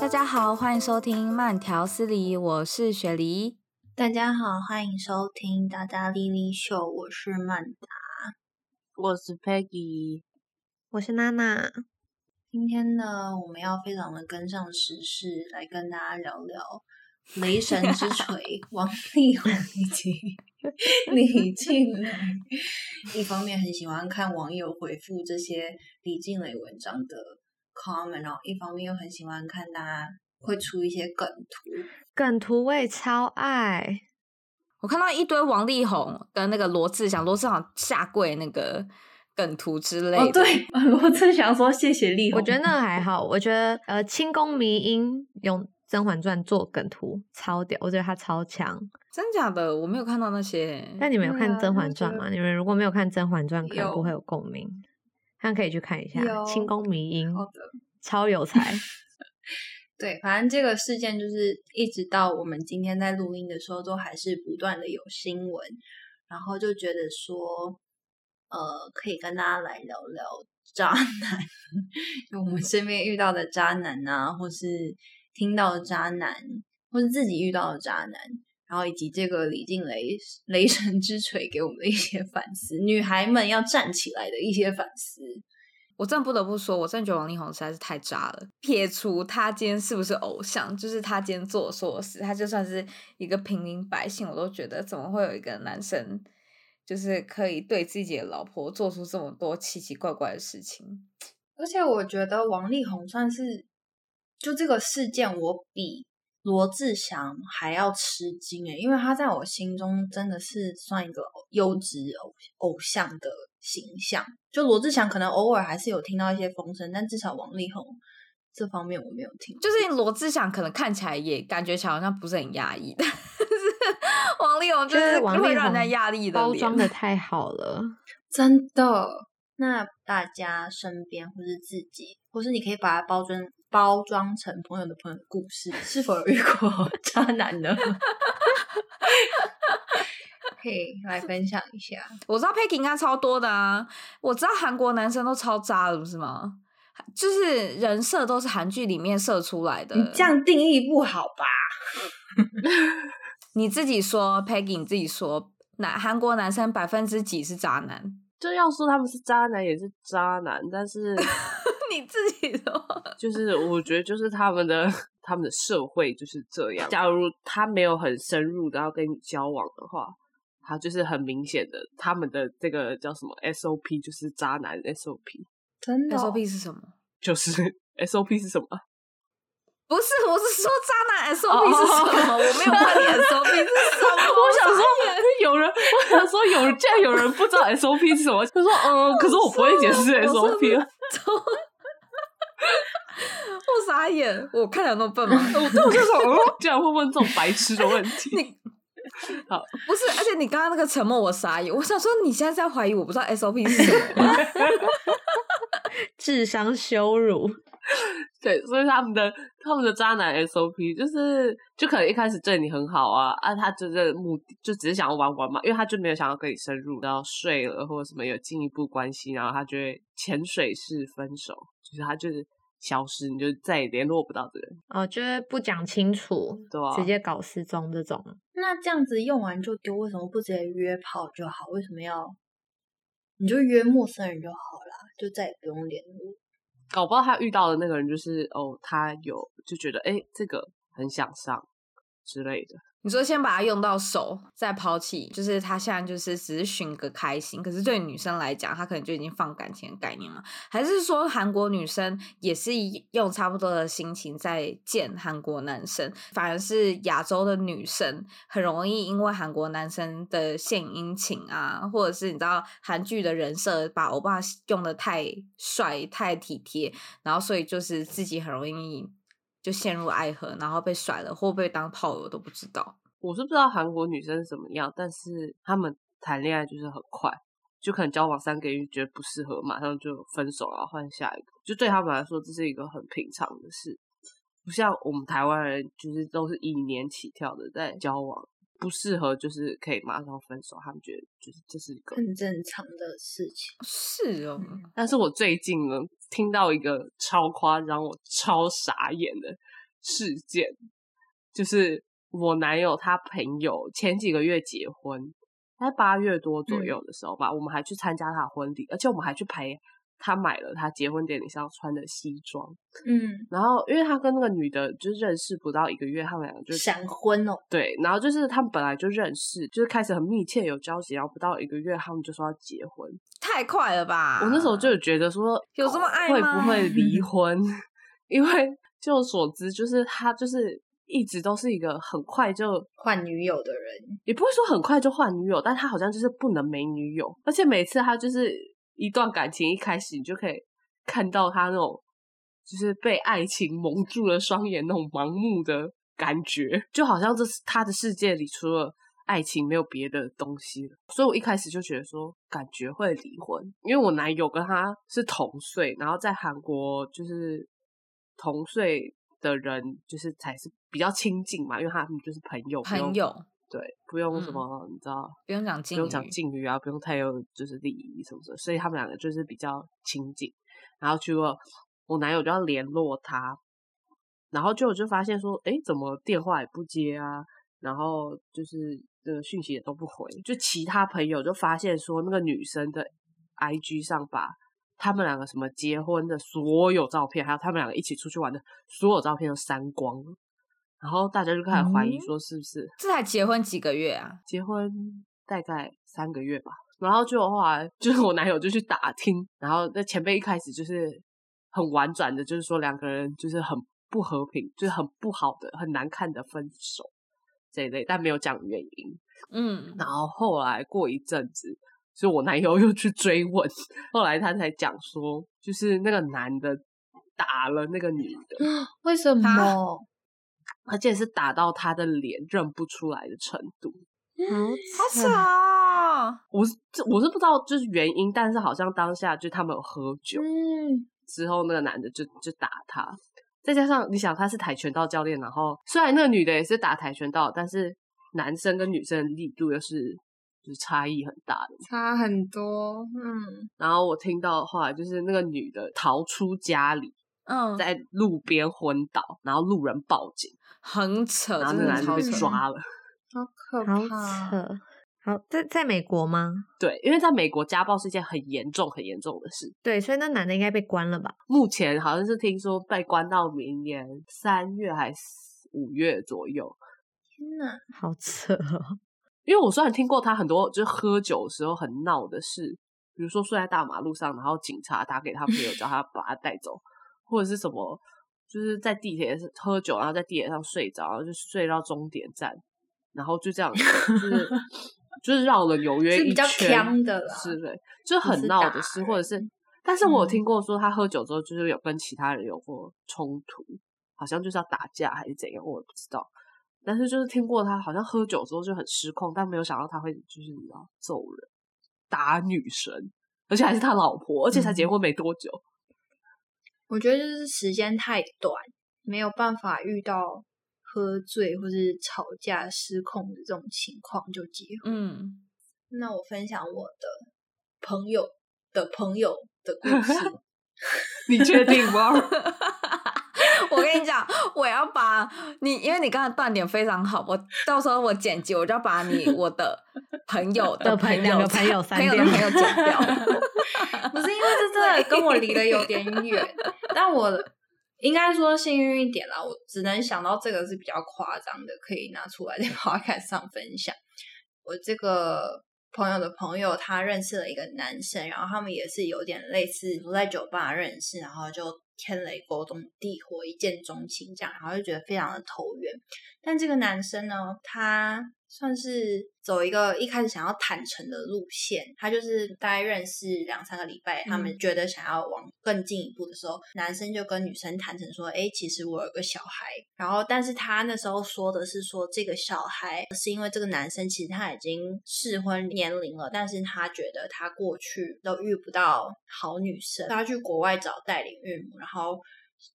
大家好，歡迎收聽慢條斯理，我是雪梨。大家好，歡迎收聽達達麗麗秀，我是曼達，我是 Peggy，我是娜娜。今天呢，我們要非常的跟上時事，來跟大家聊聊《雷神之錘》 王力宏 李靚蕾， 了 一方面很喜歡看網友回復這些李靚蕾文章的 comment，一方面又很喜歡看大家會出一些梗圖，梗圖我也超愛。我看到一堆王力宏跟那個羅志祥，羅志祥下跪那個梗圖之類的。哦、對，羅志祥說謝謝力宏， 我覺得那還好。我覺得呃，清宮迷因用。《甄嬛傳》做梗圖超屌，我覺得他超強，真假的我沒有看到那些。但你們有看《甄嬛傳》嗎？啊、你們如果沒有看《甄嬛傳》有，可能不會有共鳴，大家可以去看一下《清宮有迷音》的，超有才。 對，反正這個事件就是一直到我們今天在錄音的時候，都還是不斷的有新聞，然後就覺得說，呃，可以跟大家來聊聊渣男， 就我們身邊遇到的渣男啊，或是。聽到的渣男，或是自己遇到的渣男，然後以及這個李靚蕾雷神之錘給我們的一些反思，女孩們要站起來的一些反思。我真不得不說，我真的覺得王力宏實在是太渣了。撇除他今天是不是偶像，就是他今天做錯事，他就算是一個平民百姓，我都覺得怎麼會有一個男生，就是可以對自己的老婆做出這麼多奇奇怪怪的事情？而且我覺得王力宏算是。就這個事件，我比羅志祥還要吃驚哎、欸，因為他在我心中真的是算一個優質偶像的形象。就羅志祥，可能偶爾還是有聽到一些風聲，但至少王力宏這方面我沒有聽。就是羅志祥可能看起來也感覺起來好像不是很壓抑的，但是 王力宏就是會讓人壓力的，力宏包裝的太好了，真的。那大家身邊或是自己，或是你可以把它包裝。包裝成朋友的朋友的故事， 是否有遇過渣男呢？ 可以來分享一下。我知道 Peggy 應該超多的啊，我知道韓國男生都超渣的，不是嗎？就是人設都是韓劇裡面設出來的。你這樣定義不好吧？你自己說，Peggy，你自己說，男韓國男生百分之幾是渣男。就要說他們是渣男，也是渣男，但是。 你自己的話就是我覺得就是他們的他們的社會就是這樣。假如他沒有很深入的要跟你交往的話，他就是很明顯的他們的這個叫什麼 SOP，就是渣男 SOP。真的？SOP、就是喔、是什麼？就是 SOP 是什麼？不是，我是說渣男 SOP 是什麼？喔喔喔喔喔，我沒有問你 SOP 是什麼、啊， 我想說有人，我想說有人，竟然有人不知道 SOP 是什麼？他說嗯、呃，可是我不會解釋 SOP。我傻眼，我看起來那麼笨嗎？我這我就說，哦，竟然會問這種白痴的問題。 你好，不是，而且你剛剛那個沉默，我傻眼。我想說，你現在在懷疑我不知道 SOP 是什麼？ 智商羞辱。對，所以他們的他們的渣男 SOP 就是，就可能一開始對你很好啊啊，他真正的目的就只是想要玩玩嘛，因為他就沒有想要跟你深入，然後睡了或者什麼有進一步關係，然後他就會潛水式分手，就是他就是。消失，你就再也聯絡不到這個人啊、哦！就是不講清楚，對、嗯，直接搞失蹤這種。啊、那這樣子用完就丟，為什麼不直接約炮就好？為什麼要？你就約陌生人就好了，就再也不用聯絡。搞、哦、不好他遇到的那個人就是哦，他有就覺得哎、欸，這個很想上。之類的，你說先把它用到手，再拋棄，就是他現在就是只是尋個開心。可是對女生來講，她可能就已經放感情的概念了。還是說韓國女生也是用差不多的心情在見韓國男生？反而是亞洲的女生很容易因為韓國男生的獻殷勤啊，或者是你知道韓劇的人設把歐巴用得太帥、太體貼，然後所以就是自己很容易，就陷入愛河，然後被甩了或被當炮友都不知道。我是不知道韓國女生是怎麼樣，但是他們談戀愛就是很快，就可能交往三個月就覺得不適合，馬上就分手啊，換下一個。就對他們來說，這是一個很平常的事，不像我們台灣人，就是都是一年起跳的在交往。不適合就是可以馬上分手，他們覺得就是這是一個很正常的事情。是哦，但是我最近呢聽到一個超誇張、我超傻眼的事件，就是我男友他朋友前幾個月結婚，在八月多左右的時候吧，嗯，我們還去參加他婚禮，而且我們還去陪。他買了他結婚典禮上穿的西裝，嗯，然後因為他跟那個女的就認識不到一個月，他們兩個就閃婚哦，對，然後就是他們本來就認識，就是開始很密切有交集，然後不到一個月他們就說要結婚，太快了吧？我那時候就有覺得說，有這麼愛嗎？會不會離婚？ 因為據我所知，就是他就是一直都是一個很快就換女友的人，也不會說很快就換女友，但他好像就是不能沒女友，而且每次他就是。一段感情一開始，你就可以看到他那種，就是被愛情蒙住了雙眼那種盲目的感覺，就好像這是他的世界裡除了愛情沒有別的東西了。所以我一開始就覺得說，感覺會離婚，因為我男友跟他是同歲，然後在韓國就是同歲的人就是才是比較親近嘛，因為他們就是朋友，朋友。對，不用什麼，嗯、你知道，不用講敬，不用講敬語啊，不用太有就是禮儀什麼的，所以他們兩個就是比較親近。然後結果我男友就要聯絡他，然後就結果就發現說，哎，怎麼電話也不接啊？然後就是這個訊息也都不回。就其他朋友就發現說，那個女生的 I G 上把他們兩個什麼結婚的所有照片，還有他們兩個一起出去玩的所有照片都刪光了。然後大家就開始懷疑，說是不是這才結婚幾個月啊？結婚大概三個月吧。然後就後來就是我男友就去打聽，然後那前輩一開始就是很婉轉的，就是說兩個人就是很不和平，就是很不好的、很難看的分手這一類，但沒有講原因。嗯，然後後來過一陣子，就我男友又去追問，後來他才講說，就是那個男的打了那個女的。為什麼？而且是打到他的臉認不出來的程度，嗯、好慘啊！我是我是不知道就是原因，但是好像當下就他們有喝酒，嗯、之後那個男的就就打他，再加上你想他是跆拳道教練，然後雖然那個女的也是打跆拳道，但是男生跟女生的力度又是，就是就是差異很大的，差很多。嗯，然後我聽到的話就是那個女的逃出家裡。嗯，oh. 在路邊昏倒，然後路人報警，很扯，然後那男的被抓了，嗯、好可怕、啊，好扯，好在在美國嗎？對，因為在美國家暴是一件很嚴重、很嚴重的事。對，所以那男的應該被關了吧？目前好像是聽說被關到明年三月還是五月左右。天哪，好扯、哦！因為我雖然聽過他很多，就是喝酒的時候很鬧的事，比如說睡在大馬路上，然後警察打給他朋友叫他把他帶走。 或者是什麼，就是在地鐵喝酒，然後在地鐵上睡着，然後就睡到終點站，然後就這樣，就是 就是繞了紐約一圈，是比較鏘的，是的，就很鬧的事，是或者是，但是我有聽過說他喝酒之後，就是有跟其他人有過衝突，嗯、好像就是要打架還是怎樣，我也不知道。但是就是聽過他好像喝酒之後就很失控，但沒有想到他會就是你知道揍人、打女神，而且還是他老婆，而且才結婚沒多久。嗯我覺得就是時間太短，沒有辦法遇到喝醉或是吵架失控的這種情況就結婚。嗯，那我分享我的朋友的朋友的故事， 你確定嗎？ 我跟你講，我要把你，因為你剛才斷點非常好，我到時候我剪輯，我就把你我的朋友的朋友的朋友 朋友的朋友剪掉。 不是因為這真的 跟我離得有點遠， 但我應該說幸運一點啦。我只能想到這個是比較誇張的，可以拿出來在 podcast 上分享。我這個朋友的朋友，他認識了一個男生，然後他們也是有點類似，不在酒吧認識，然後就。天雷勾動地火，一見鍾情這樣，然後就覺得非常的投緣。但這個男生呢、哦，他。算是走一個一開始想要坦誠的路線，他就是大概認識兩三個禮拜，嗯、他們覺得想要往更進一步的時候，男生就跟女生坦誠說：“哎，其實我有個小孩。”然後，但是他那時候說的是說這個小孩是因為這個男生其實他已經適婚年齡了，但是他覺得他過去都遇不到好女生，他去國外找代理孕母，然後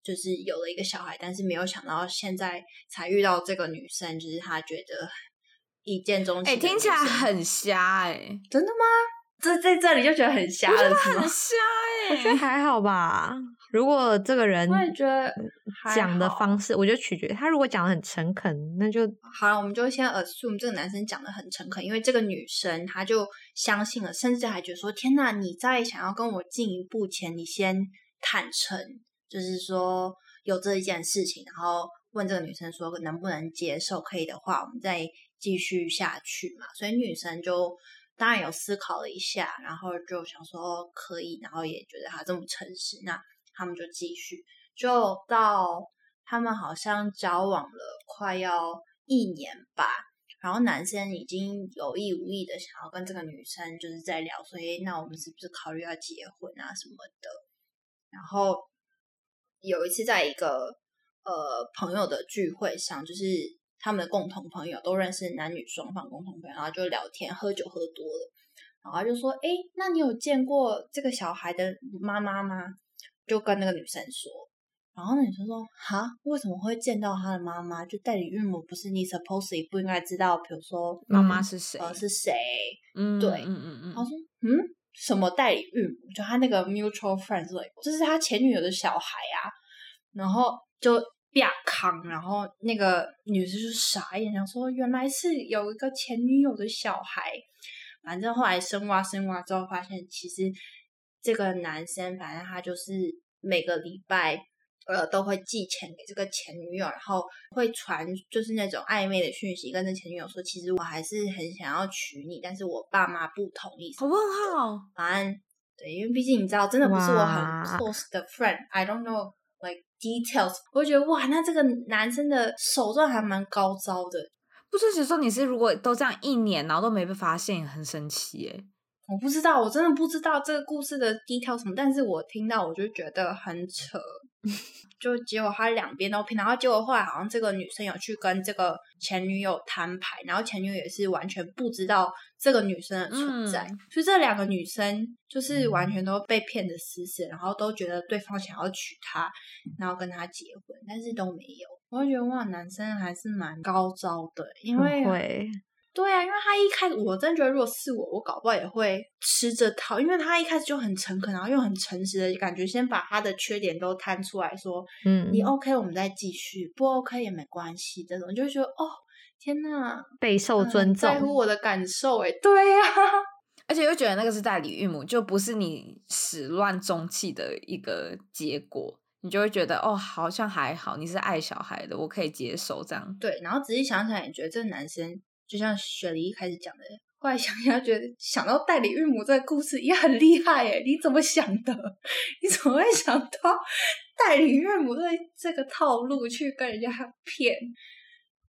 就是有了一個小孩，但是沒有想到現在才遇到這個女生，就是他覺得。一見鍾情，哎，聽起來很瞎哎，真的嗎？這在這裡就覺得很瞎了，很瞎哎？我覺得還好吧。如果這個人，我也覺得講的方式，我，我就取決他如果講的很誠懇，那就好了。我們就先 assume 這個男生講的很誠懇，因為這個女生她就相信了，甚至還覺得說：天吶，你在想要跟我進一步前，你先坦誠，就是說有這一件事情，然後問這個女生說能不能接受，可以的話，我們再。繼續下去嘛，所以女生就當然有思考了一下，然後就想說可以，然後也覺得他這麼誠實，那他們就繼續，就到他們好像交往了快要一年吧，然後男生已經有意無意的想要跟這個女生就是在聊，所以那我們是不是考慮要結婚啊什麼的？然後有一次在一個呃朋友的聚會上，就是。他們的共同朋友都認識男女雙方共同朋友，然後就聊天，喝酒喝多了，然後他就說：“哎、欸，那你有見過這個小孩的媽媽嗎？”就跟那個女生說，然後那女生說：“哈，為什麼會見到他的媽媽？就代理孕母不是你 supposedly 不應該知道？比如說媽媽是誰，呃，是誰？嗯，對，嗯嗯嗯，然、嗯、後、嗯、說，嗯，什麼代理孕母？就他那個 mutual friends，就是他前女友的小孩啊，然後就。”康，然後那個女生就傻眼，想說原來是有一個前女友的小孩。反正後來生娃生娃之後，發現其實這個男生，反正他就是每個禮拜呃都會寄錢給這個前女友，然後會傳就是那種曖昧的訊息，跟這前女友說，其實我還是很想要娶你，但是我爸媽不同意。好問號，反正對，因為畢竟你知道，真的不是我很 close 的 friend，I don't know like。details，我就覺得哇，那這個男生的手段還蠻高招的。不是，是說你是如果都這樣一年，然後都沒被發現，很神奇耶。我不知道，我真的不知道這個故事的第一條什麼，但是我聽到我就覺得很扯。 就結果他兩邊都騙，然後結果後來好像這個女生有去跟這個前女友攤牌，然後前女友也是完全不知道這個女生的存在，嗯、所以這兩個女生就是完全都被騙的死死，嗯、然後都覺得對方想要娶她，然後跟她結婚，但是都沒有。我覺得哇，男生還是蠻高招的，因為、啊。嗯對啊，因為他一開始，我真覺得，如果是我，我搞不好也會吃這套。因為他一開始就很誠懇，然後又很誠實的感覺，先把他的缺點都攤出來說，嗯，你 OK，我們再繼續；不 OK 也沒關係。這種就會覺得，哦，天吶，備受尊重，呃，在乎我的感受，誒，對呀，啊，而且又覺得那個是代理孕母，就不是你始亂終棄的一個結果，你就會覺得，哦，好像還好，你是愛小孩的，我可以接受這樣。對，然後仔細想想，也覺得這個男生就像雪梨一開始講的，後來想一下，覺得想到代理孕母這個故事也很厲害哎，你怎麼想的？你怎麼會想到代理孕母的這個套路去跟人家騙？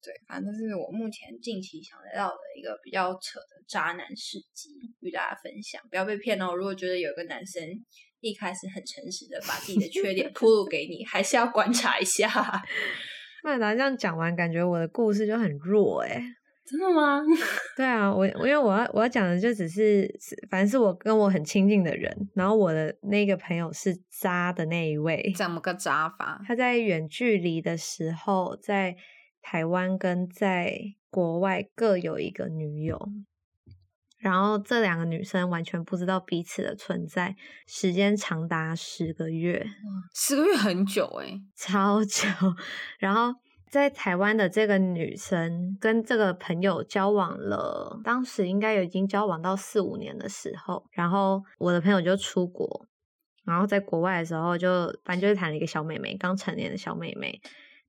對，反正是我目前近期想得到的一個比較扯的渣男事蹟，與大家分享。不要被騙哦、喔！如果覺得有個男生一開始很誠實的把自己的缺點披露給你， 還是要觀察一下。麥來這樣講完，感覺我的故事就很弱誒真的嗎？ 對啊，我因為我要我要講的就只是，反正是我跟我很親近的人，然後我的那個朋友是渣的那一位。怎麼個渣法？他在遠距離的時候，在台灣跟在國外各有一個女友，然後這兩個女生完全不知道彼此的存在，時間長達十個月。十個月很久誒、欸、超久。然後。在台灣的這個女生跟這個朋友交往了，當時應該已經交往到四五年的時候，然後我的朋友就出國，然後在國外的時候就反正就是談了一個小妹妹，剛成年的小妹妹，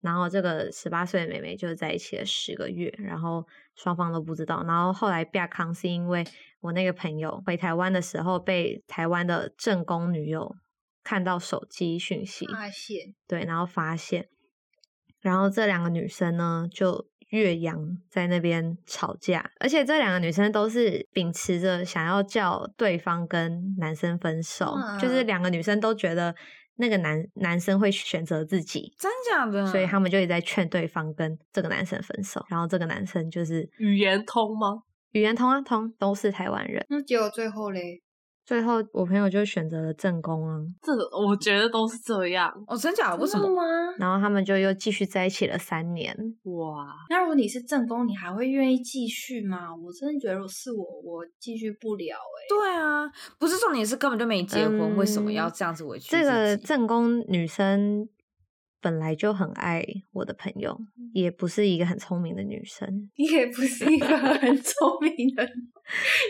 然後這個十八歲的妹妹就在一起了十個月，然後雙方都不知道，然後後來變康是因為我那個朋友回台灣的時候被台灣的正宮女友看到手機訊息，發現對，然後發現。然後這兩個女生呢，就越洋在那邊吵架，而且這兩個女生都是秉持着想要叫對方跟男生分手，嗯啊、就是兩個女生都覺得那個男男生會選擇自己，真假的、啊，所以他們就一直在勸對方跟這個男生分手。然後這個男生就是語言通嗎？語言通啊，通都是台灣人。那結果最後嘞？最後，我朋友就選擇了正宮啊。這我覺得都是這樣。哦，真假不是嗎？然後他們就又繼續在一起了三年。哇，那如果你是正宮，你還會願意繼續嗎？我真的覺得，是我，我繼續不了。誒對啊，不是重點是根本就沒結婚，為什麼要這樣子委屈這個正宮女生。本來就很愛我的朋友，也不是一個很聰明的女生， 你也不是一個很聰明的。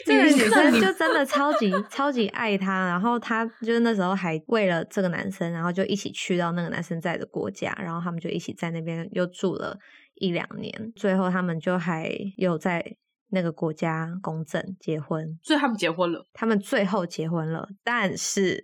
這個女生就真的超級 超級愛他，然後他就是那時候還為了這個男生，然後就一起去到那個男生在的國家，然後他們就一起在那邊又住了一兩年，最後他們就還有在那個國家公證結婚，所以他們結婚了，他們最後結婚了，但是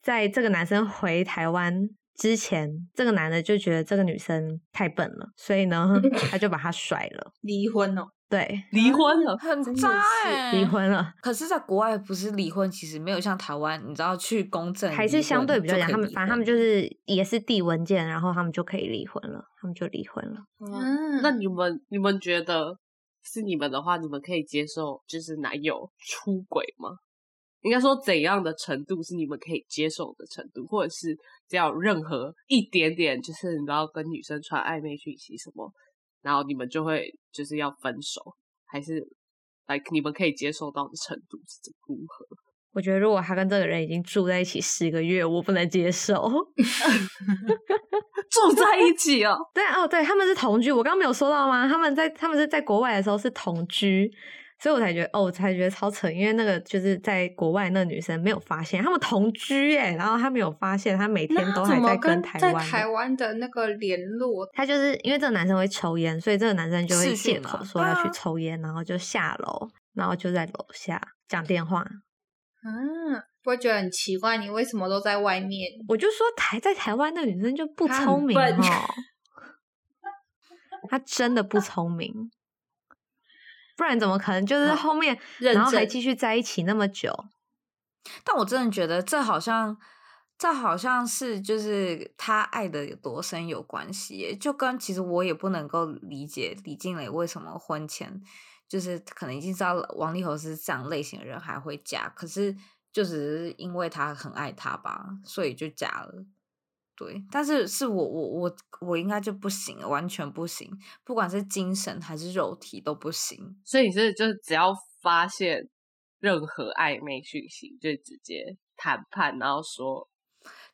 在這個男生回台灣，之前這個男的就覺得這個女生太笨了，所以呢，他就把她甩了，離婚了。對，離婚了，啊，很渣欸。離婚了。可是，在國外不是離婚，其實沒有像台灣，你知道去公證還是相對比較簡單。他們反正他們就是也是遞文件，然後他們就可以離婚了，他們就離婚了。嗯，嗯那你們你們覺得是你們的話，你們可以接受就是男友出軌嗎？應該說怎樣的程度是你們可以接受的程度，或者是只要任何一點點，就是你都要跟女生傳曖昧訊息什麼，然後你們就會就是要分手，還是來、like、你們可以接受到的程度是怎如何？我覺得如果他跟這個人已經住在一起十個月，我不能接受 住在一起哦。 對哦，對，他們是同居，我剛剛沒有說到嗎？他們在他們是在國外的時候是同居。所以我才覺得哦，我才覺得超扯，因為那個就是在國外那個女生沒有發現他們同居誒、欸、然後他沒有發現，她每天都還在跟台灣在台灣的那個聯絡。他就是因為這個男生會抽菸，所以這個男生就會借口說要去抽菸，是是，然後就下樓，啊、然後就在樓下講電話。嗯、啊，不會覺得很奇怪？你為什麼都在外面？我就說台在台灣那女生就不聰明他很哦，她 真的不聰明。不然怎麼可能？就是後面然後還繼續在一起那麼久，嗯。但我真的覺得這好像，這好像是就是他愛的有多深有關係。就跟其實我也不能夠理解李靜蕾為什麼婚前就是可能已經知道王力宏是這樣類型的人還會嫁，可是就只是因為他很愛他吧，所以就嫁了。對，但是是我我我我應該就不行，完全不行，不管是精神還是肉體都不行。所以是就是，只要發現任何曖昧訊息，就直接談判，然後說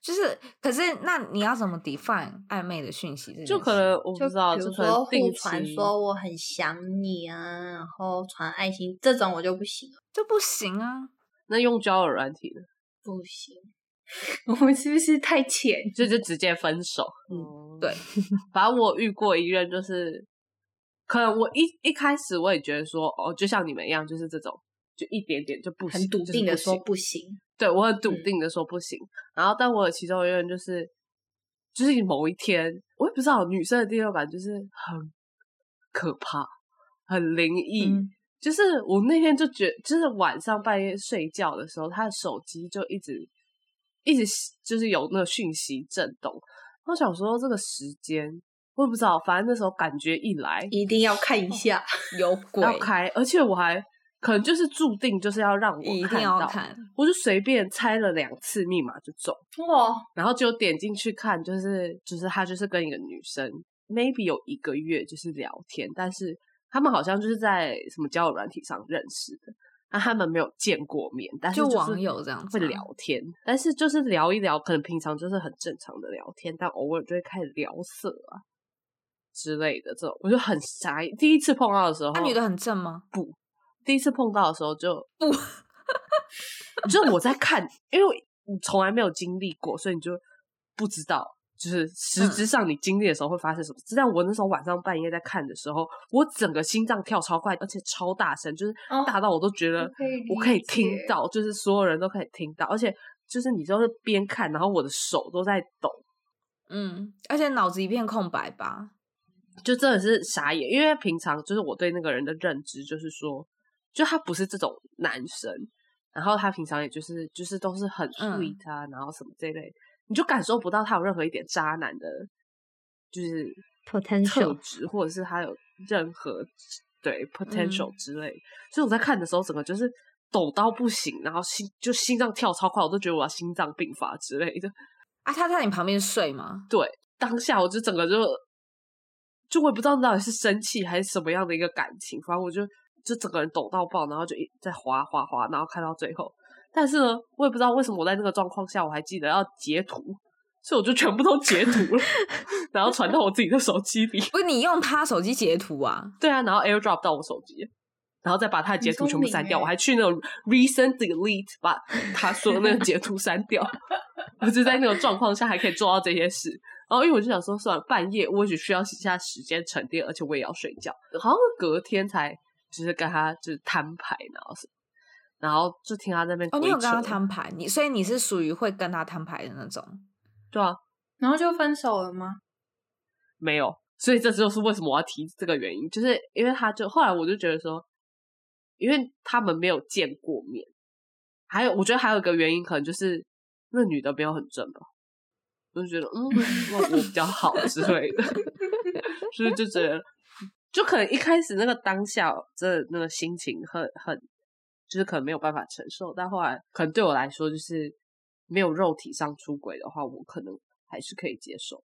就是。可是那你要怎麼 define 曖昧的訊息是不是？就可能我不知道，就是說互傳說我很想你啊，然後傳愛心這種，我就不行了，就不行啊。那用交友軟體呢？不行。我們 是不是太淺，就就直接分手？嗯，嗯，對。 反正我遇過一任，就是可能我一一開始我也覺得說，哦，就像你們一樣，就是這種，就一點點就不行，很篤定的說不行。不行嗯、對我很篤定的說不行。然後，但我的其中一任就是，就是某一天，我也不知道女生的第六感就是很可怕，很靈異。嗯、就是我那天就覺得，就是晚上半夜睡覺的時候，她的手機就一直。一直就是有那個訊息震動，我想說這個時間我也不知道，反正那時候感覺一來一定要看一下 有鬼鬼開，而且我還可能就是注定就是要讓我看，一定要看，我就隨便猜了兩次密碼就中我然後就點進去看，就是就是他就是跟一個女生 maybe 有一個月就是聊天，但是他們好像就是在什麼交友軟體上認識的。那、啊、他們沒有見過面，但是就是就網友這樣會聊天，但是就是聊一聊，可能平常就是很正常的聊天，但偶爾就會開始聊色啊之類的這種，我就很傻。第一次碰到的時候，那、啊、女的很正嗎？不，第一次碰到的時候就不， 就是我在看，因為你從來沒有經歷過，所以你就不知道。就是實質上你經歷的時候會發生什麼？就像我那時候晚上半夜在看的時候，我整個心臟跳超快，而且超大聲，就是大到我都覺得我可以聽到，就是所有人都可以聽到。而且就是你就是邊看，然後我的手都在抖，嗯，而且腦子一片空白吧，就真的是傻眼。因為平常就是我對那個人的認知就是說，就他不是這種男生，然後他平常也就是就是都是很 sweet 啊，然後什麼這一類。你就感受不到他有任何一點渣男的，就是 potential 值，或者是他有任何對 potential 之類的，嗯、所以我在看的時候，整個就是抖到不行，然後心就心臟跳超快，我都覺得我要心臟病發之類的。啊，他在你旁邊睡嗎？對，當下我就整個就就我也不知道到底是生氣還是什麼樣的一個感情，反正我就就整個人抖到爆，然後就一在滑滑滑，然後看到最後。但是呢，我也不知道為什麼我在那個狀況下，我還記得要截圖，所以我就全部都截圖了， 然後傳到我自己的手機裡。不是你用他手機截圖啊？對啊，然後 AirDrop 到我手機，然後再把他的截圖全部刪掉。我還去那種 Recent Delete 把他說的那個截圖刪掉。 我就在那種狀況下還可以做到這些事。然後因為我就想說，算了，半夜我也只需要寫下時間沉澱，而且我也要睡覺。好像隔天才就是跟他就是攤牌，然後是。然後就聽他在那邊，哦，你有跟他攤牌，你所以你是屬於會跟他攤牌的那種？對啊，然後就分手了嗎？沒有，所以這就是為什麼我要提這個原因，就是因為他就後來我就覺得說，因為他們沒有見過面，還有我覺得還有一個原因可能就是那女的沒有很正吧，我就覺得嗯，我比較好之類的， 所以就覺得就可能一開始那個當下這那個心情很很。就是可能沒有辦法承受，但後來可能對我來說，就是沒有肉體上出軌的話，我可能還是可以接受。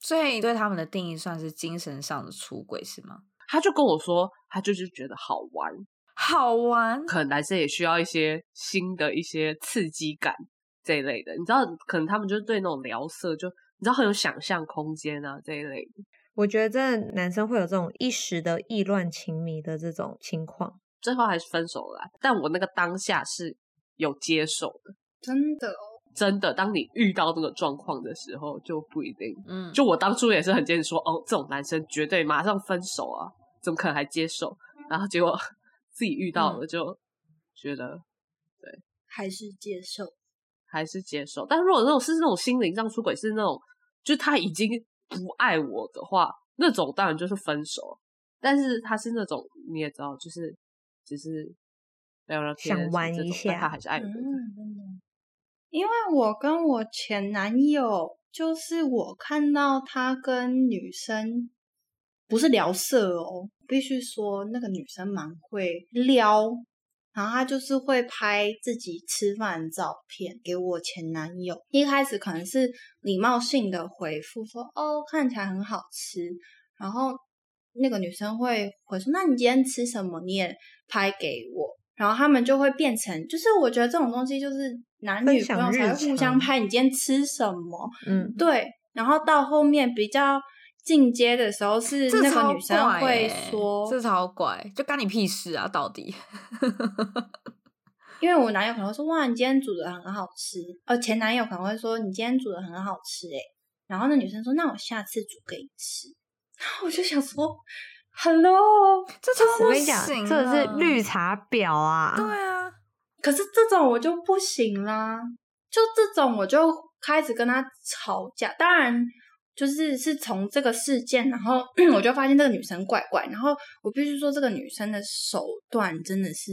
所以對他們的定義算是精神上的出軌是嗎？他就跟我說，他就是覺得好玩，好玩。可能男生也需要一些新的一些刺激感這一類的，你知道，可能他們就對那種聊色就，就你知道很有想象空間啊這一類的。我覺得真的男生會有這種一時的意亂情迷的這種情況。最後還是分手了啦，但我那個當下是有接受的，真的哦，真的。當你遇到這個狀況的時候，就不一定。嗯，就我當初也是很堅持說，哦，這種男生絕對馬上分手啊，怎麼可能還接受？然後結果自己遇到了，就覺得、嗯、對，還是接受，還是接受。但如果那種是那種心靈上出軌，是那種就他已經不愛我的話，那種當然就是分手。但是他是那種你也知道，就是。只是想玩一下，還是愛的，嗯。真的，因為我跟我前男友，就是我看到他跟女生，不是聊色哦，必須說那個女生蠻會撩，然後他就是會拍自己吃飯的照片給我前男友。一開始可能是禮貌性的回復說，說哦，看起來很好吃，然後。那個女生會回說：“那你今天吃什麼？你也拍給我。”然後他們就會變成，就是我覺得這種東西就是男女朋友才互相拍你今天吃什麼。嗯，對。然後到後面比較進階的時候，是那個女生會說：“這超怪、欸、這超怪，就干你屁事啊，到底？” 因為我男友可能會說：“哇，你今天煮的很好吃。”哦，前男友可能會說：“你今天煮的很好吃。”哎，然後那女生說：“那我下次煮給你吃。”那我就想說，Hello，這種、啊、我跟你講，這個、是綠茶婊啊！對啊，可是這種我就不行啦，就這種我就開始跟他吵架。當然，就是是從這個事件，然後我就發現這個女生怪怪，然後我必須說，這個女生的手段真的是，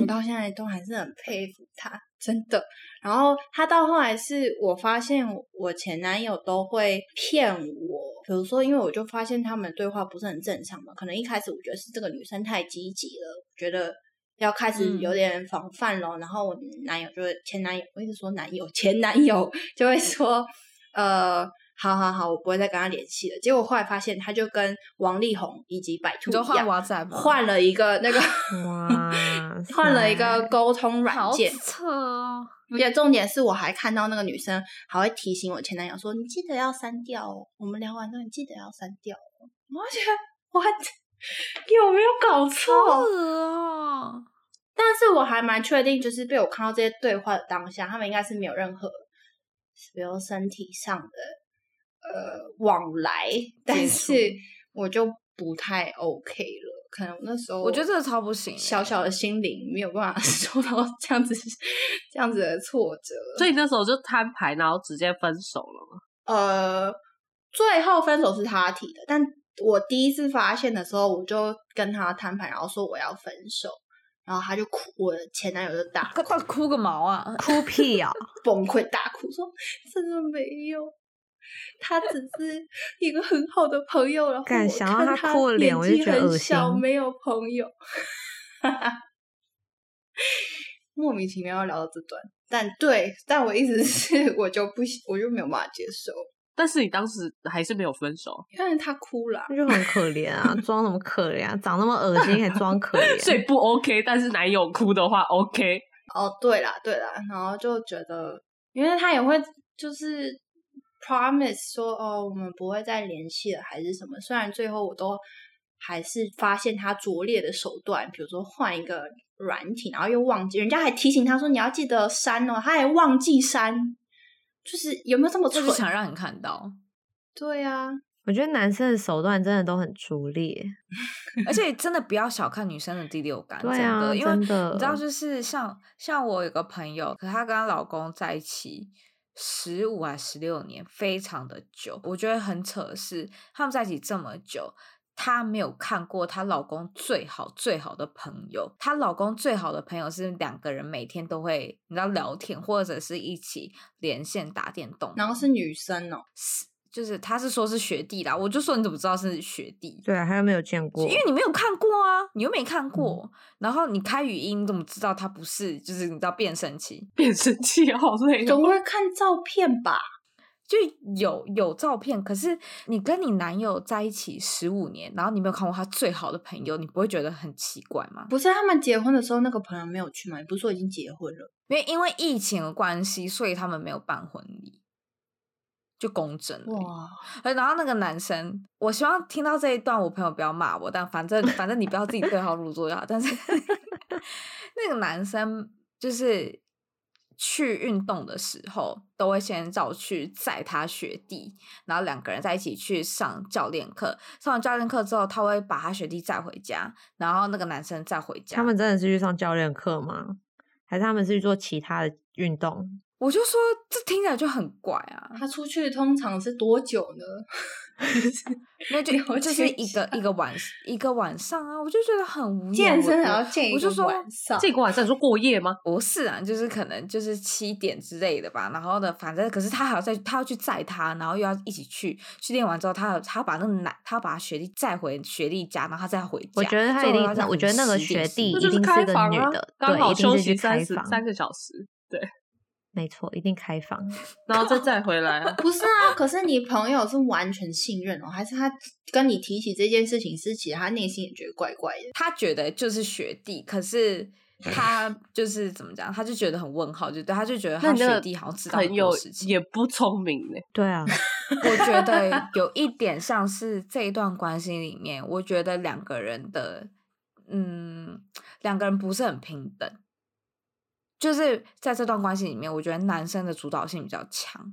我到現在都還是很佩服她。真的，然後他到後來是我發現我前男友都會騙我，比如說，因為我就發現他們對話不是很正常嘛，可能一開始我覺得是這個女生太積極了，覺得要開始有點防範咯。嗯、然後我男友就是前男友，我一直說男友，前男友就會說，嗯、呃，好好好，我不會再跟他聯繫了。結果後來發現他就跟王力宏以及擺脫換換了一個那個哇。 換了一個溝通軟件，哦、而且重點是我還看到那個女生還會提醒我前男友說：“你記得要刪掉哦，我們聊完之後你記得要刪掉哦。”而且我還 有沒有搞錯啊？哦、但是我還蠻確定，就是被我看到這些對話的當下，他們應該是沒有任何比如身體上的呃往來，但是我就不太 OK 了。可能我那時候，我覺得這個超不行，小小的心靈沒有辦法受到這樣子、這樣子的挫折，所以那時候就攤牌，然後直接分手了嗎。呃，最後分手是他提的，但我第一次發現的時候，我就跟他攤牌，然後說我要分手，然後他就哭，我前男友就大哭，可不可以哭個毛啊，哭屁啊， 崩潰大哭說真的沒有。他只是一個很好的朋友干我了，敢想讓他破臉，我就覺得惡心，沒有朋友， 莫名其妙要聊到這段，但對，但我意思是我就不，我就沒有辦法接受。但是你當時還是沒有分手，但是他哭了，就很可憐啊，裝什麼可憐啊？長那麼惡心 還裝可憐，所以不 OK。但是男友哭的話 OK。哦，對啦，對啦，然後就覺得，因為他也會就是。Promise 說：“哦，我們不會再聯繫了，還是什麼？”雖然最後我都還是發現他拙劣的手段，比如說換一個軟體，然後又忘記，人家還提醒他說：“你要記得刪哦。”他還忘記刪，就是有沒有這麼蠢？想讓你看到？對呀、啊，我覺得男生的手段真的都很拙劣， 而且真的不要小看女生的第六感。真的對啊，因為的你知道，就是像像我有個朋友，可她跟她老公在一起。十五還十六年，非常的久，我覺得很扯的是，是他們在一起這麼久，她沒有看過她老公最好最好的朋友。她老公最好的朋友是兩個人每天都會，你知道聊天或者是一起連線打電動，然後是女生哦。就是他是說，是學弟啦，我就說，你怎麼知道是，是學弟？對啊，還有沒有見過？因為你沒有看過啊，你又沒看過，嗯、然後你開語音，你怎麼知道他不是？就是你知道變聲器，變聲器好累，總會看照片吧？就有有照片，可是你跟你男友在一起十五年，然後你沒有看過他最好的朋友，你不會覺得很奇怪嗎？不是他們結婚的時候，那個朋友沒有去嗎？不是說已經結婚了？因為因為疫情的關係，所以他們沒有辦婚禮。就公正。哇，然後那個男生，我希望聽到這一段，我朋友不要罵我，但反正反正你不要自己對號入座就好。 但是 那個男生就是去運動的時候，都會先找去載他學弟，然後兩個人在一起去上教練課。上完教練課之後，他會把他學弟載回家，然後那個男生再回家。他們真的是去上教練課嗎？還是他們是去做其他的運動？我就說這聽起來就很怪啊！他出去通常是多久呢？ 那就 就是一個一個晚一個晚上啊！我就覺得很無語。健身還要健一個晚上？這個晚上你說過夜嗎？不是啊，就是可能就是七點之類的吧。然後呢，反正可是他還要再他要去載他，然後又要一起去訓練完之後他，他要他要把那個男他要把他學弟載回學弟家，然後他再回家。我覺得他他那個我覺得那個學弟已經開房了。啊、對，剛好休息三十三個小時，對。沒錯，一定開房， 然後再再回來啊。 不是啊，可是你朋友是完全信任哦？ 還是他跟你提起這件事情是其實他內心也覺得怪怪的？他覺得就是學弟，可是他就是 怎麼講，他就覺得很問號，就對，他就覺得他學弟好像知道很多事情，也不聰明呢。 對啊，我覺得有一點像是這一段關係裡面，我覺得兩個人的，嗯，兩個人不是很平等。就是在這段關係裡面，我覺得男生的主導性比較強，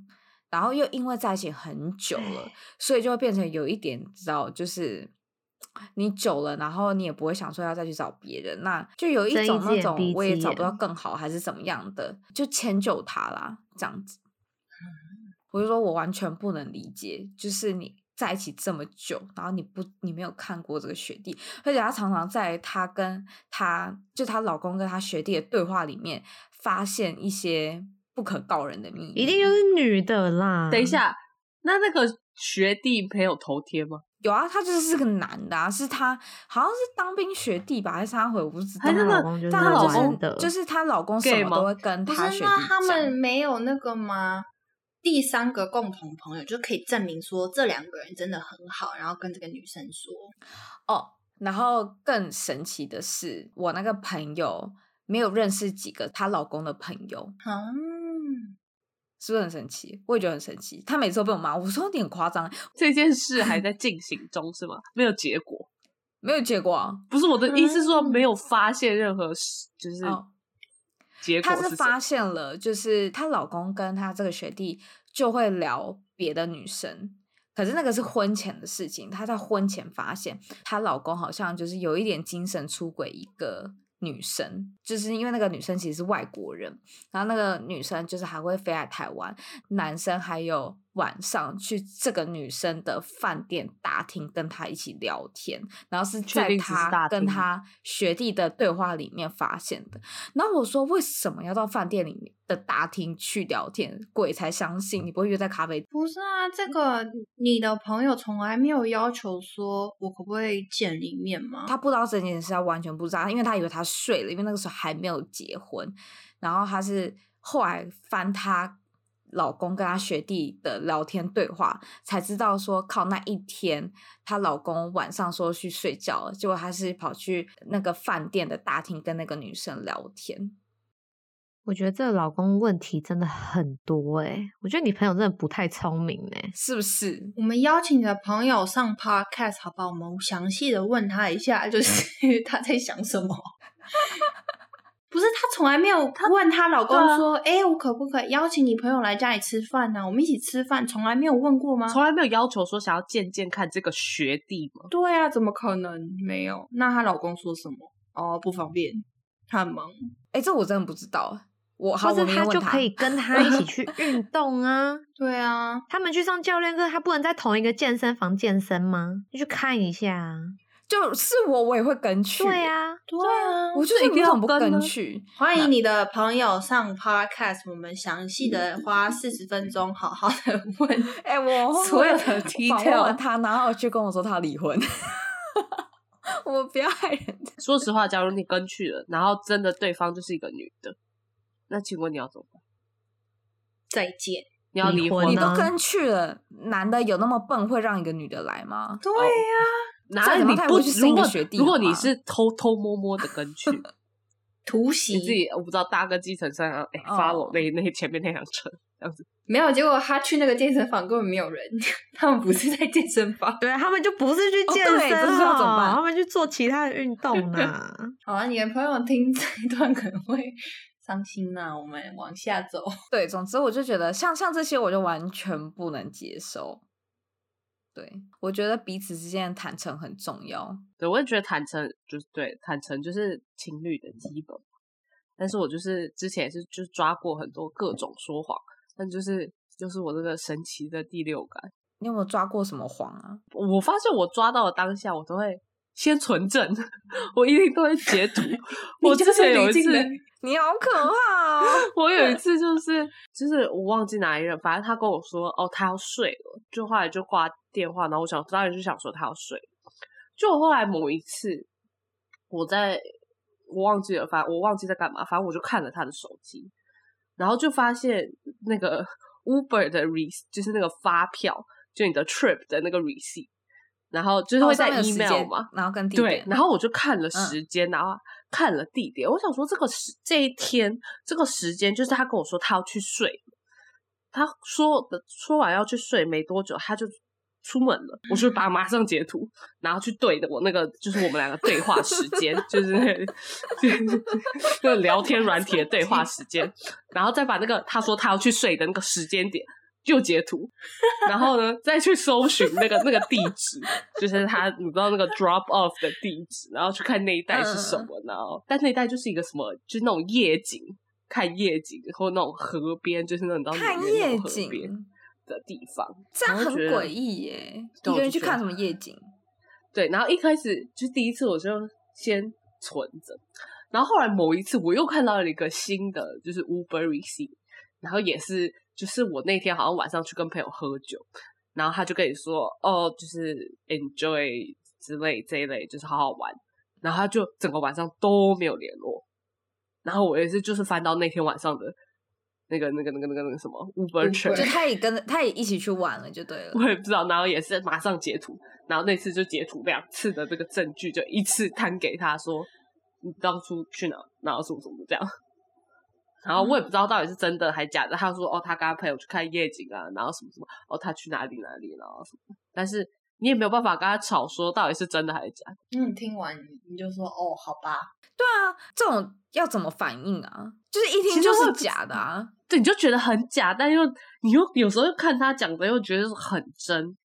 然後又因為在一起很久了，所以就會變成有一點，你知道，就是你久了，然後你也不會想說要再去找別人，那就有一種那種我也找不到更好還是怎麼樣的，就遷就他啦，這樣子。我就說我完全不能理解，就是你，在一起這麼久，然後你不，你沒有看過這個學弟，而且他常常在她跟她就她老公跟她學弟的對話裡面發現一些不可告人的秘密，一定就是女的啦。等一下，那那個學弟沒有頭貼嗎？有啊，他就是個男的啊，是他好像是當兵學弟吧，還是他回我不知道。他那個老公但他就是就是她老公什麼都會跟他學弟講。那他們沒有那個嗎？第三個共同朋友就可以證明說這兩個人真的很好，然後跟這個女生說哦。然後更神奇的是，我那個朋友沒有認識幾個她老公的朋友，嗯，是不是很神奇？我也覺得很神奇。她每次都被我罵，我說你很誇張，這件事還在進行中 是嗎？沒有結果，沒有結果，啊，不是我的意思是說沒有發現任何事，嗯、就是。哦她是，是發現了，就是她老公跟她這個學弟就會聊別的女生，可是那個是婚前的事情。她在婚前發現她老公好像就是有一點精神出軌一個女生，就是因為那個女生其實是外國人，然後那個女生就是還會飛來台灣，男生還有。晚上去這個女生的飯店大廳跟她一起聊天，然後是在她跟她學弟的對話裡面發現的。然後我說為什麼要到飯店裡的大廳去聊天？鬼才相信你不會約在咖啡。不是啊，這個你的朋友從來沒有要求說我可不可以見一面嗎？他不知道這件事，他完全不知道，因為他以為他睡了，因為那個時候還沒有結婚。然後他是後來翻他。老公跟她學弟的聊天對話，才知道說，靠，那一天，她老公晚上說去睡覺了，結果還是跑去那個飯店的大廳跟那個女生聊天。我覺得這老公問題真的很多欸，我覺得你朋友真的不太聰明欸，是不是？我們邀請你的朋友上 podcast，好不好？我們詳細的問他一下，就是他在想什麼。 不是她從來沒有問她老公說，誒、啊欸，我可不可以邀請你朋友來家裡吃飯呢、啊？我們一起吃飯，從來沒有問過嗎？從來沒有要求說想要見見看這個學弟嗎？對啊，怎麼可能沒有？那她老公說什麼？哦，不方便，他很忙。誒、欸，這我真的不知道。我就是他，我他，他就可以跟他一起去運 動啊。 對啊，他們去上教練課，他不能在同一個健身房健身嗎？就去看一下。就是我，我也會跟去。對呀，對啊，我就是一點都不跟去。歡迎你的朋友上 Podcast，我們詳細的花四十分鐘，好好的問。誒，我所有的提問他，然後去跟我說他離婚。我不要害人。說實話，假如你跟去了，然後真的對方就是一個女的，那請問你要怎麼辦？再見，你要離婚？你都跟去了，男的有那麼笨，會讓一個女的來嗎？對呀。哪裡不學的如？如果你是偷偷摸摸的跟去，突 襲你自己，我不知道搭個計程車、哎、發我、哦、那那前面那輛車，這樣子沒有。結果他去那個健身房根本沒有人，他們不是在健身房， 對他們就不是去健身啊、哦，他們去做其他的運動呢。 好啊，你的朋友聽這一段可能會傷心吶、啊。我們往下走。 對，總之我就覺得像像這些，我就完全不能接受。對，我覺得彼此之間坦誠很重要。對，我也覺得坦誠就是對，坦誠就是情侶的基本。但是我就是之前也是就抓過很多各種說謊，但就是就是我這個神奇的第六感，你有沒有抓過什麼謊啊？我發現我抓到的當下，我都會先存證，我一定都會截圖。 我之前有一次。你好可怕哦！ 我有一次就是就是我忘記哪一任，反正他跟我說哦，他要睡了，就後來就掛電話。然後我想，當然就想說他要睡。就後來某一次，我在我忘記了，反我忘記在幹嘛，反正我就看了他的手機，然後就發現那個 Uber 的 re 就是那個發票，就你的 trip 的那個 receipt。然後就是會在 email 嘛、哦，嗎然後跟地點。對，然後我就看了時間，嗯、然後看了地點。我想說這個時，這一天這個時間，就是他跟我說他要去睡，他說的，說完要去睡，沒多久他就出門了。嗯、我就把他馬上截圖，然後去對着我那個就是我們兩個對話時間， 就是那個 聊天軟體的對話時間， 然後再把那個他說他要去睡的那個時間點。就截圖，然後呢，再去搜尋那個 那個地址，就是他，你知道那個 drop off 的地址，然後去看那一帶是什麼呢？Uh-huh. 但那一帶就是一個什麼，就是那種夜景，看夜景，然後那種河邊，就是那種看夜景那河邊的地方，這樣很詭異耶。你對去看什麼夜景？對，然後一開始就是第一次，我就先存着，然後後來某一次我又看到了一個新的，就是 Uber receipt，然後也是。就是我那天好像晚上去跟朋友喝酒，然後他就跟你說哦，就是 enjoy 之類這一類，就是好好玩，然後他就整個晚上都沒有聯絡，然後我也是就是翻到那天晚上的那個那個那個那個那個什麼 Uber 對車我就他也跟他也一起去玩了，就對了。我也不知道，然後也是馬上截圖，然後那次就截圖兩次的這個證據，就一次攤給他說，你當初去哪哪做什麼這樣。然後我也不知道到底是真的還是假的，他就說哦，他跟他朋友去看夜景啊，然後什麼什麼，哦，他去哪裡哪裡了什麼？但是你也沒有辦法跟他吵，說到底是真的還是假的。嗯，聽完你你就說哦，好吧，對啊，這種要怎麼反應啊？就是一聽就是假的啊，對，你就覺得很假，但又你又你有時候又看他講的又覺得很真。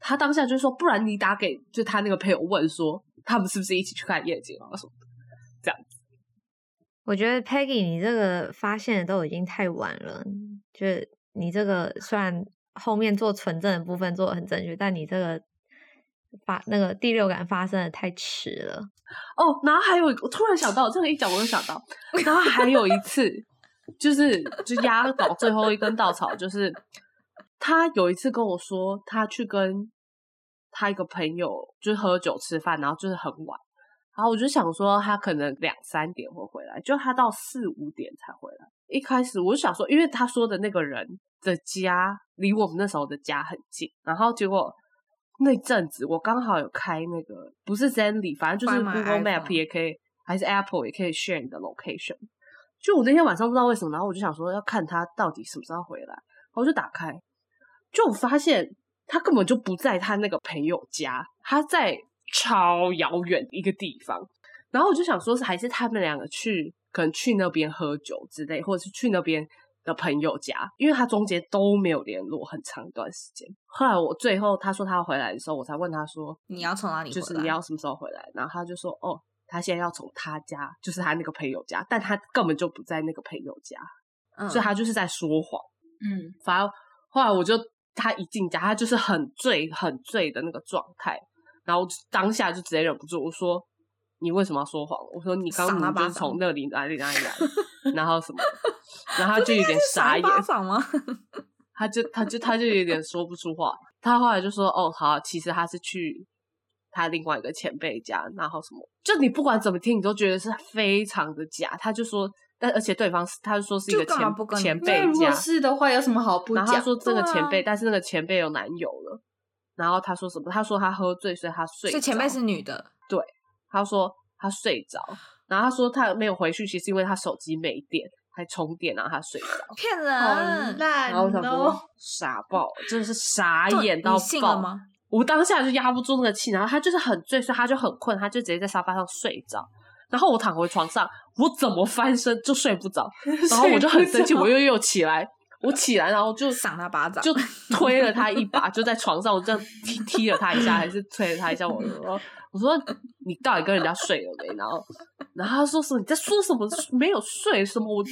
他當下就說，不然你打給就他那個朋友問說，他們是不是一起去看夜景啊什麼？我覺得 Peggy，你這個發現的都已經太晚了。就是你這個雖然後面做純正的部分做得很正確，但你這個把那個第六感發生的太遲了。哦，然後還有，我突然想到， 這樣一講我又想到，然後還有一次， 就是就壓倒最後一根稻草，就是他有一次跟我說，他去跟他一個朋友就是喝酒吃飯，然後就是很晚。然後我就想說，他可能兩三點會回來，就他到四五點才回來。一開始我就想說，因為他說的那個人的家離我們那時候的家很近。然後結果那陣子，我剛好有開那個不是 Zenly，反正就是 Google Map 也可以，my 還是 Apple 也可以 share 你的 location。就我那天晚上不知道為什麼，然後我就想說要看他到底什麼時候回來，然後我就打開，就我發現他根本就不在他那個朋友家，他在。超遙遠的一個地方，然後我就想說，是還是他們兩個去，可能去那邊喝酒之類，或者是去那邊的朋友家，因為他中間都沒有聯絡很長一段時間。後來我最後他說他要回來的時候，我才問他說：“你要從哪裡？就是你要什麼時候回來？”然後他就說：“哦，他現在要從他家，就是他那個朋友家，但他根本就不在那個朋友家，嗯、所以他就是在說謊。”嗯，反而後來我就他一進家，他就是很醉、很醉的那個狀態。然後當下就直接忍不住，我說：“你為什麼要說謊？”我說：“你剛剛從那裡哪裡哪裡來？”然後什麼？然後他就有點傻眼。他就他就他就,他就有點說不出話。他後來就說：“哦，好，其實他是去他另外一個前輩家。”然後什麼？就你不管怎麼聽，你都覺得是非常的假。他就說，但而且對方是，他就說是一個前前輩家是的話，有什麼好不講？然後他說這個前輩，啊、但是那個前輩有男友了。然後他說什麼？他說他喝醉，所以他睡着。就前面是女的，對。他說他睡着，然後他說他沒有回訊息，其實是因為他手機沒電，還充電，然後他睡着。騙人了，然後，了然後我想說，傻爆，真的是傻眼到爆嗎？我當下就壓不住那個氣，然後他就是很醉，所以他就很困，他就直接在沙發上睡着。然後我躺回床上，我怎麼翻身就睡不着，然後我就很生氣，我又又起來。我起來，然後就賞他巴掌，就推了他一把， 就在床上，我這樣踢踢了他一下，還是推了他一下。我說：“我說你到底跟人家睡了沒？”然後，然後他說：“是你在說什麼沒有睡什麼我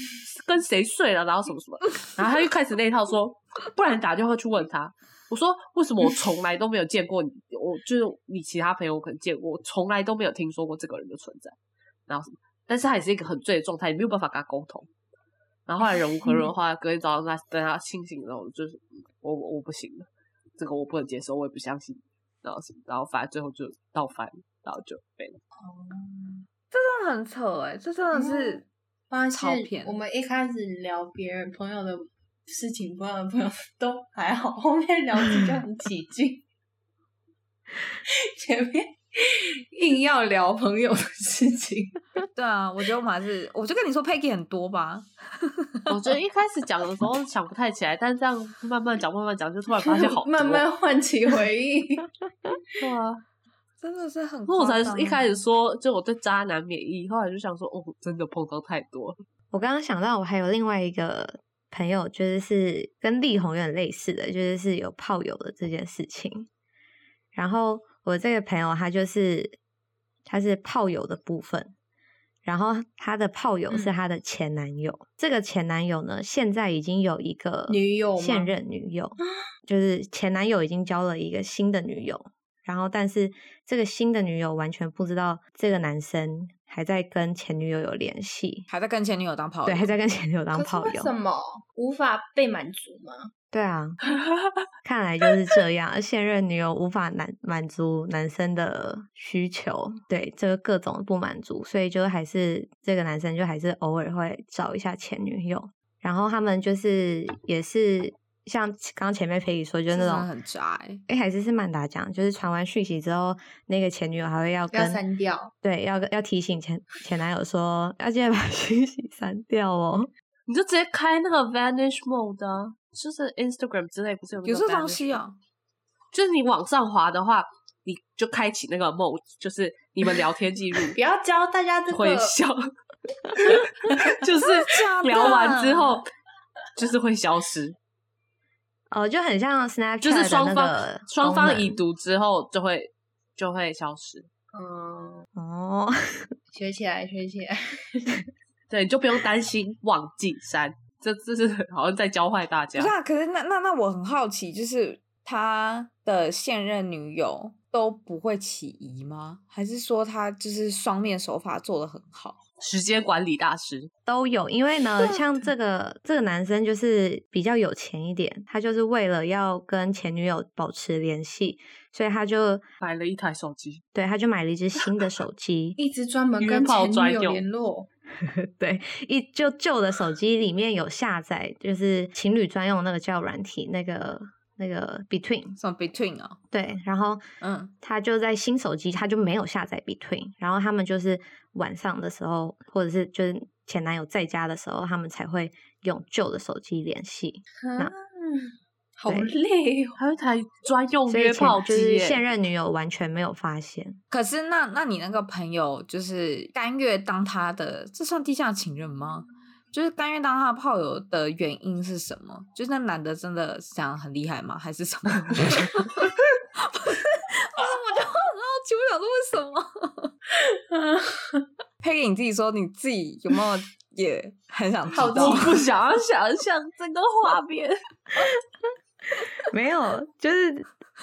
跟誰睡了？”然後什麼什麼，然後他又開始那一套說：“不然打電話去問他。”我說：“為什麼我從來都沒有見過你？我就是你其他朋友，可能見過，我從來都沒有聽說過這個人的存在。”然後什麼？但是他也是一個很醉的狀態，也沒有辦法跟他溝通。然後後來人無可人化，的話、嗯，隔天早上再等他清醒了，我就是我我不行了，這個我不能接受，我也不相信，然後然後反正最後就倒飯，然後就被。哦、嗯，這真的很醜哎、欸，這真的是發現、嗯啊、我們一開始聊別人朋友的事情，別人朋友都還好，後面聊幾句很起勁， 前面。硬要聊朋友的事情，對啊，我覺得我還是，我就跟你說，佩奇很多吧。我覺得一開始講的時候想不太起來，但這樣慢慢講慢慢講，就突然發現好多，慢慢喚起回憶。對啊， 真的是很。我才一開始說，就我對渣男免疫，後來就想說，哦，真的碰到太多。我剛剛想到，我還有另外一個朋友，就是是跟力宏有點類似的，就是是有炮友的這件事情，然後。我這個朋友，他就是他是炮友的部分，然後他的炮友是他的前男友。嗯，這個前男友呢，現在已經有一個女友，現任女友，女友就是前男友已經交了一個新的女友。然後，但是這個新的女友完全不知道這個男生還在跟前女友有聯繫，還在跟前女友當炮友，對，還在跟前女友當炮友，為什麼無法被滿足嗎？對啊， 看來就是這樣。 現任女友無法滿滿足男生的需求，對，這個各種不滿足，所以就還是這個男生就還是偶爾會找一下前女友。然後他們就是也是像剛剛前面可以說，就是那種很渣，欸。哎，還是是曼達講，就是傳完訊息之後，那個前女友還會要跟要刪掉，對，要跟要提醒前前男友說， 要記得把訊息刪掉哦。你就直接開那個 vanish mode 啊。就是 Instagram 之類，不是有這個東西啊？就是你往上滑的話，你就開啟那個 mode，就是你們聊天記錄， 不要教大家這個，會消 就是聊完之後，的就是會消失。哦，就很像 Snapchat，就是雙方雙方已讀之後就會就會消失。嗯，哦，學起來，學起來， 對，就不用擔心忘記刪。這這是好像在教壞大家。那、啊、可是那那那我很好奇，就是他的現任女友都不會起疑嗎？還是說他就是雙面手法做得很好，時間管理大師都有？因為呢，像這個 這個男生就是比較有錢一點，他就是為了要跟前女友保持聯繫，所以他就買了一台手機，對，他就買了一只新的手機， 一直專門跟前女友聯絡。 對，一就舊的手機裡面有下載，就是情侶專用那個叫軟體，那個那個 Between，算 Between 啊？對，然後嗯，他就在新手機他就沒有下載 Between，然後他們就是晚上的時候，或者是就是前男友在家的時候，他們才會用舊的手機聯繫。 好累、哦，還一台專用約炮機。就是現任女友完全沒有發現。可是那，那那你那個朋友就是甘願當他的，這算地下情人嗎？就是甘願當他的炮友的原因是什麼？就是那男的真的想很厲害嗎？還是什麼？不是，不是，我就然後就想說為什麼？配給你自己說，你自己有沒有也很想知道？我不想要想象這個畫面。 沒有，就是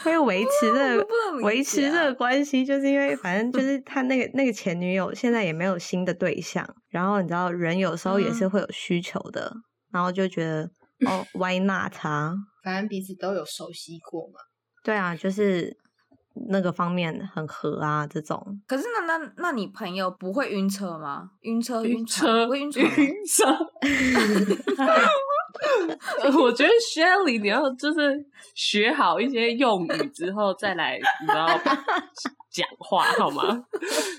會維持這個維持這個關係，就是因為反正就是他那個那個前女友現在也沒有新的對象，然後你知道人有時候也是會有需求的，然後就覺得哦，Why not 啊？ 反正彼此都有熟悉過嘛。對啊，就是那個方面很合啊，這種。可是那那那你朋友不會暈車嗎？暈車暈車暈會暈車。 呃、我覺得 Shelly，你要就是學好一些用語之後再來，你知道嗎？講 話好嗎？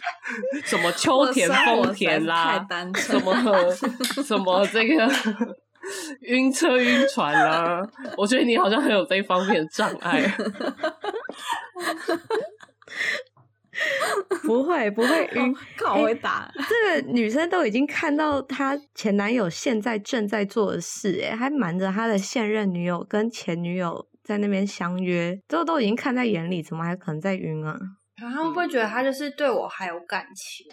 什麼秋田豐算田啦， 什麼什麼這個暈車暈船啦、啊？我覺得你好像很有這方面的障礙、啊。 不會， 不會暈，看我回答。這個女生都已經看到她前男友現在正在做的事，欸，誒還瞞着她的現任女友跟前女友在那邊相約，這都已經看在眼裡，怎麼還可能在暈啊？他們不會覺得他就是對我還有感情？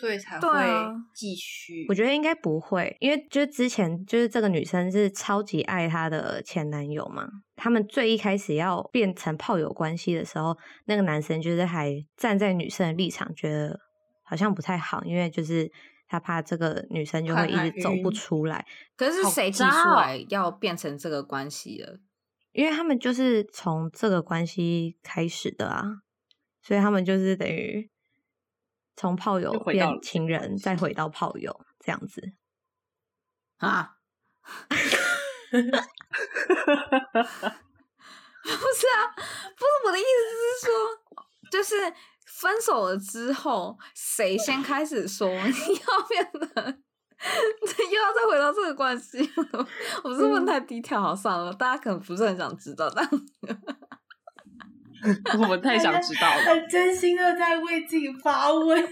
所以才會繼續，對啊。我覺得應該不會，因為就之前就是這個女生是超級愛她的前男友嘛。他們最一開始要變成炮友關係的時候，那個男生就是還站在女生的立場，覺得好像不太好，因為就是他怕這個女生就會一直走不出來。可是，是誰提出來要變成這個關係的？因為他們就是從這個關係開始的啊，所以他們就是等於。從炮友變情人，回再回到炮友這樣子啊？ 不是啊，不是我的意思，是說，就是分手了之後，誰先開始說 你要變得 又要再回到這個關係 我是問太低調，好算了，大家可能不是很想知道的，但。 我太想知道了，我真心的在為自己發問。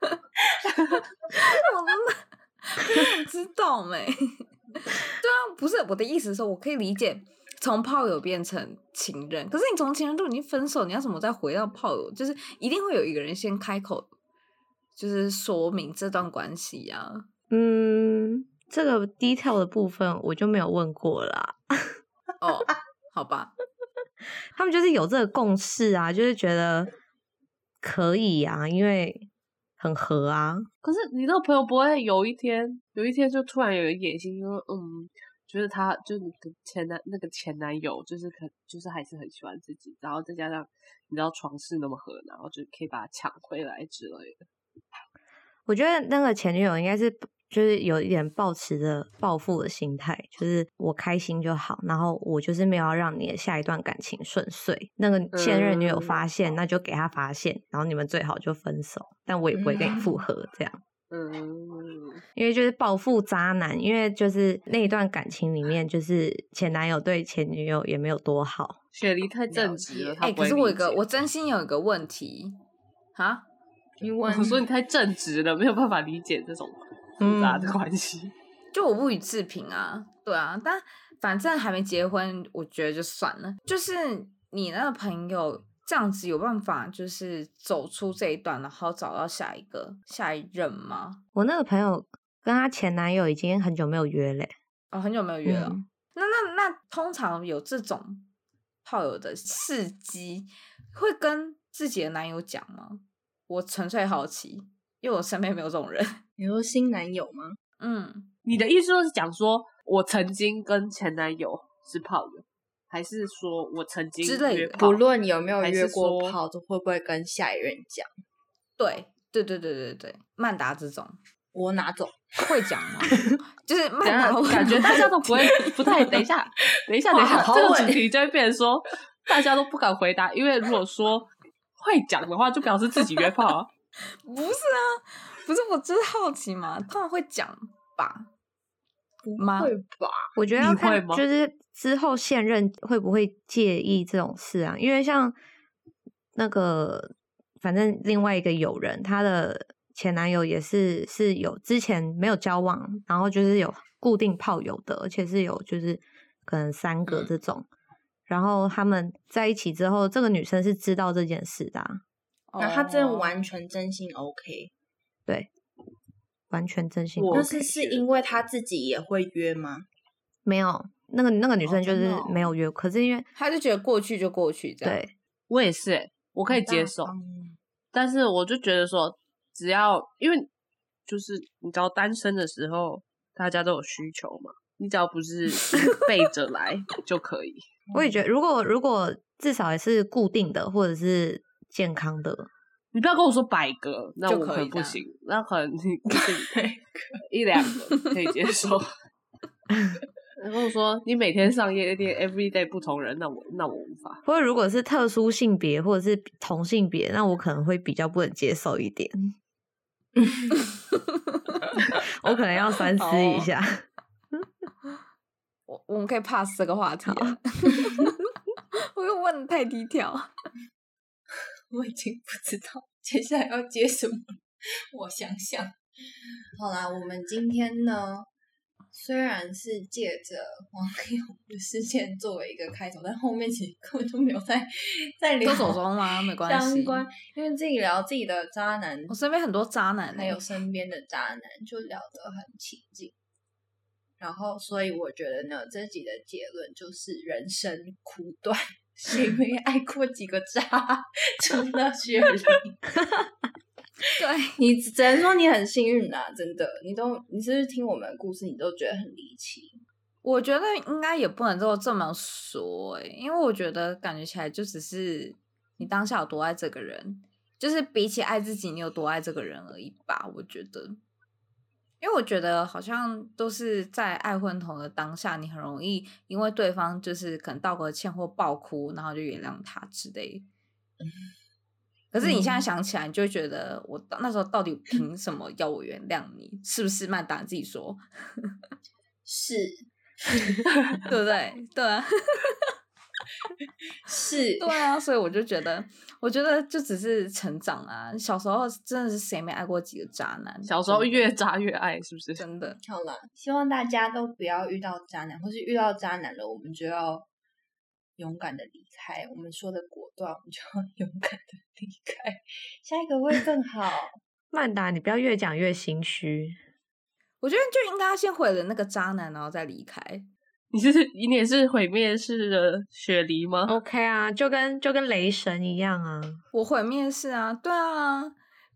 我們不知道沒？對啊，不是我的意思，是我可以理解從炮友變成情人，可是你從情人都已經分手，你要怎麼再回到炮友？就是一定會有一個人先開口，就是說明這段關係呀、啊。嗯，這個低調的部分我就沒有問過啦。哦 ，oh, 好吧。他們就是有這個共識啊，就是覺得可以啊，因為很合啊。可是你那個朋友不會有一天，有一天就突然有一個野心，就是，說，嗯，覺得他就你前男那個前男友就是可就是還是很喜歡自己，然後再加上你知道床事那麼合，然後就可以把他搶回來之類的。我覺得那個前女友應該是。就是有一點抱持著報復的心態，就是我開心就好，然後我就是沒有要讓你的下一段感情順遂，那個前任女友發現，嗯、那就給他發現，然後你們最好就分手，但我也不會跟你復合，這樣，嗯，嗯，因為就是報復渣男，因為就是那一段感情裡面，就是前男友對前女友也沒有多好，雪梨太正直了。哎、欸，可是我一個，我真心有一個問題哈，你問，我說你太正直了， 沒有辦法理解這種。複雜的關係，嗯、就我不予置評啊，對啊，但反正還沒結婚，我覺得就算了。就是你那個朋友這樣子有辦法，就是走出這一段，然後找到下一個下一任嗎？我那個朋友跟她前男友已經很久沒有約嘞、欸，哦，很久沒有約了。那那、嗯、那，那那通常有這種炮友的事蹟，會跟自己的男友講嗎？我純粹好奇。因為我身邊沒有這種人，你說新男友嗎？嗯，你的意思就是講說我曾經跟前男友是炮的，還是說我曾經之類？不論有沒有約過炮，炮都會不會跟下一任講？對，對對對對對，曼達這種，我哪種會講嗎？ 就是曼達我感覺大家都不會， 不太，等一下，等一下，等一下，哇好這個主題就會變成說大家都不敢回答， 因為如果說會講的話，就表示自己約炮啊。 不是啊，不是，我就是好奇嘛，他們會講吧？媽不會吧？我覺得要看就是之後現任會不會介意這種事啊？因為像那個，反正另外一個友人，他的前男友也是是有之前沒有交往，然後就是有固定炮友的，而且是有就是可能三個這種，然後他們在一起之後，這個女生是知道這件事的啊。那他真的完全真心 OK，oh, oh, oh. 對，完全真心 OK。但是是因為他自己也會約嗎？沒有，那個那個女生就是沒有約。Oh, 可是因為他就覺得過去就過去這樣。對，我也是，欸，我可以接受。但是我就覺得說，只要因為就是你知道單身的時候，大家都有需求嘛。你只要不是背着來就可以。我也覺得，如果如果至少也是固定的，或者是。健康的，你不要跟我說百個，那我可能，啊、不行，那可能你可以一、兩個可以接受。你跟我說你每天上夜店，every day 不同人，那我那我無法。不過如果是特殊性別或者是同性別，那我可能會比較不能接受一點。我可能要反思一下。哦、 我我們可以 pass 這個話題。好 我又問得太低調。我已經不知道接下來要接什麼，我想想。 好啦，我們今天呢，雖然是借着王力宏的事件作為一個開頭，但後面其實根本就沒有在在聊。都走沒關係。因為自己聊自己的渣男，我身邊很多渣男，還有身邊的渣男，就聊得很起勁。然後，所以我覺得呢，這集的結論就是人生苦短。誰沒愛過幾個渣，真的，對，你只能說你很幸運啊， 真的。你都你是不是聽我們故事，你都覺得很離奇？我覺得應該也不能夠這麼說、欸、因為我覺得感覺起來就只是你當下有多愛這個人，就是比起愛自己，你有多愛這個人而已吧。我覺得。因為我覺得好像都是在愛昏頭的當下，你很容易因為對方就是可能道個歉或爆哭，然後就原諒他之類。可是你現在想起來，你就會覺得我到那時候到底憑什麼要我原諒你？是不是曼達你自己說？是， 對不對？對啊。 是，對啊，所以我就覺得，我覺得就只是成長啊。小時候真的是誰沒愛過幾個渣男？小時候越渣越愛，是不是真的？好了，希望大家都不要遇到渣男，或是遇到渣男了，我們就要勇敢的離開。我們說的果斷，我們就要勇敢的離開。 下一個會更好。曼達，你不要越講越心虛。我覺得就應該要先毀了那個渣男，然後再離開。你是你也是毀滅式的雪梨嗎？OK 啊，就跟就跟雷神一樣啊！我毀滅式啊，對啊，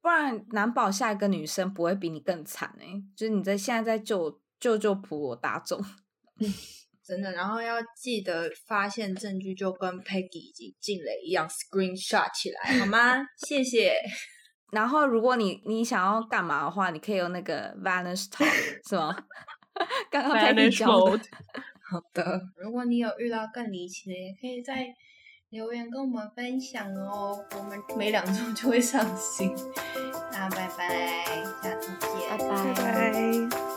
不然難保下一個女生不會比你更慘哎、欸！就是你在現在在救救救普羅大眾， 真的。然後要記得發現證據，就跟 Peggy 以及靜蕾一樣，Screenshot 起來好嗎？ 謝謝。然後如果你你想要幹嘛的話，你可以用那個 Vanish Talk 是嗎？ 剛剛 Peggy 好的，如果你有遇到更離奇的，也可以在留言跟我們分享哦！我們每兩周就會上新。 那拜拜，下次見，拜拜。拜拜。